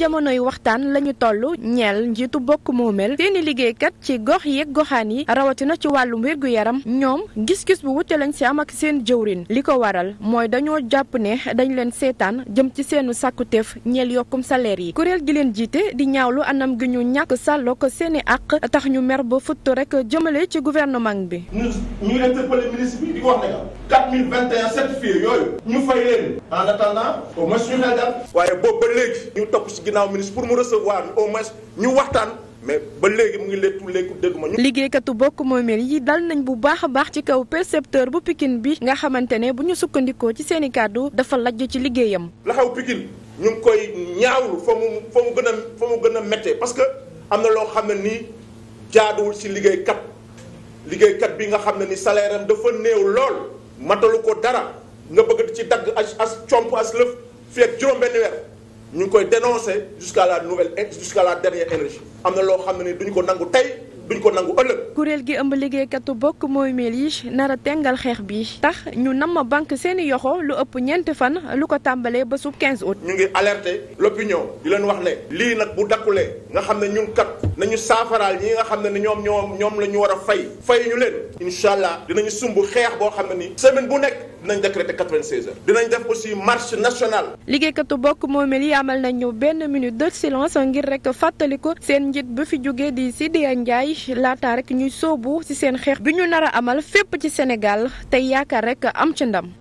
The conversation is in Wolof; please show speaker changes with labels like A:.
A: jamonoy waxtaan la ñu toll ñeel njiitu bokk moomeel seeni liggéeykat ci gox yeeg goxaan yi rawatina ci wàllu wérgu yaram ñoom gis-gis bu wute lañ si am ak seen jëwrin li ko waral mooy dañoo jàpp ne dañ leen seetaan jëm ci seenu sàkkuteef ñeel yokkum salaire yi kuréel gi leen jiite di ñaawlu anam gi ñu ñàkk sàlloo ko seeni àq tax ñu mer ba futt rek jëmale ci gouvernement bi ñu
B: ñu interpellé ministre bi di ko wax ne quatre mille vingt et un yooyu ginnaaw ministre pour mu recevoir au moins ñu waxtaan mais ba léegi mu ngi léttu léegi ma ñu.
A: liggéeykatu bokk moomeel yi dal nañ bu baax a baax ci kaw percepteur bu Pikine bi nga xamante ne bu ñu sukkandikoo ci seen i kàddu dafa lajj ci liggéeyam.
B: la xew Pikine ñu koy ñaawlu fa mu fa mu gën a fa mu gën a méttee parce que am na loo xam ne nii jaaduwul ci liggéeykat liggéeykat bi nga xam ne ni salaire am dafa néew lool matalu ko dara nga bëgg ci dagg as as comp as lëf fii ak juróom ñu ngi koy dénoncer jusqu'à la nouvelle jusqu'à la dernière énergie am na loo xam ne ni duñu ko nangu tey duñ ko nangu ëllëg.
A: kuréel gi ëmb liggéeykatu bokk mooy yi nar a tengal xeex bi tax ñu nam ma banque seeni yoxo lu ëpp ñeenti fan lu ko tàmbalee ba sub 15 août.
B: ñu ngi alerter l'opinion di leen wax ne lii nag bu dakkulee nga xam ne ñun kat nañu saafaraal ñi nga xam ne ñoom ñoom ñoom la ñu war a fay fay ñu leen incha allah dinañu sumb xeex boo xam ne ni semaine bu nekk dinañ décréter 96 heures dinañ def aussi marche nationale.
A: liggéeykatu bokk moomeel yi amal nañu benn minute de silence ngir rek fàttaliku seen njiit bu fi jógee di Sidya Ndiaye laata rekk ñuy soobu ci seen xeex bi ñu nar a amal fépp ci Sénégal tey yaakaar rek am ci ndam.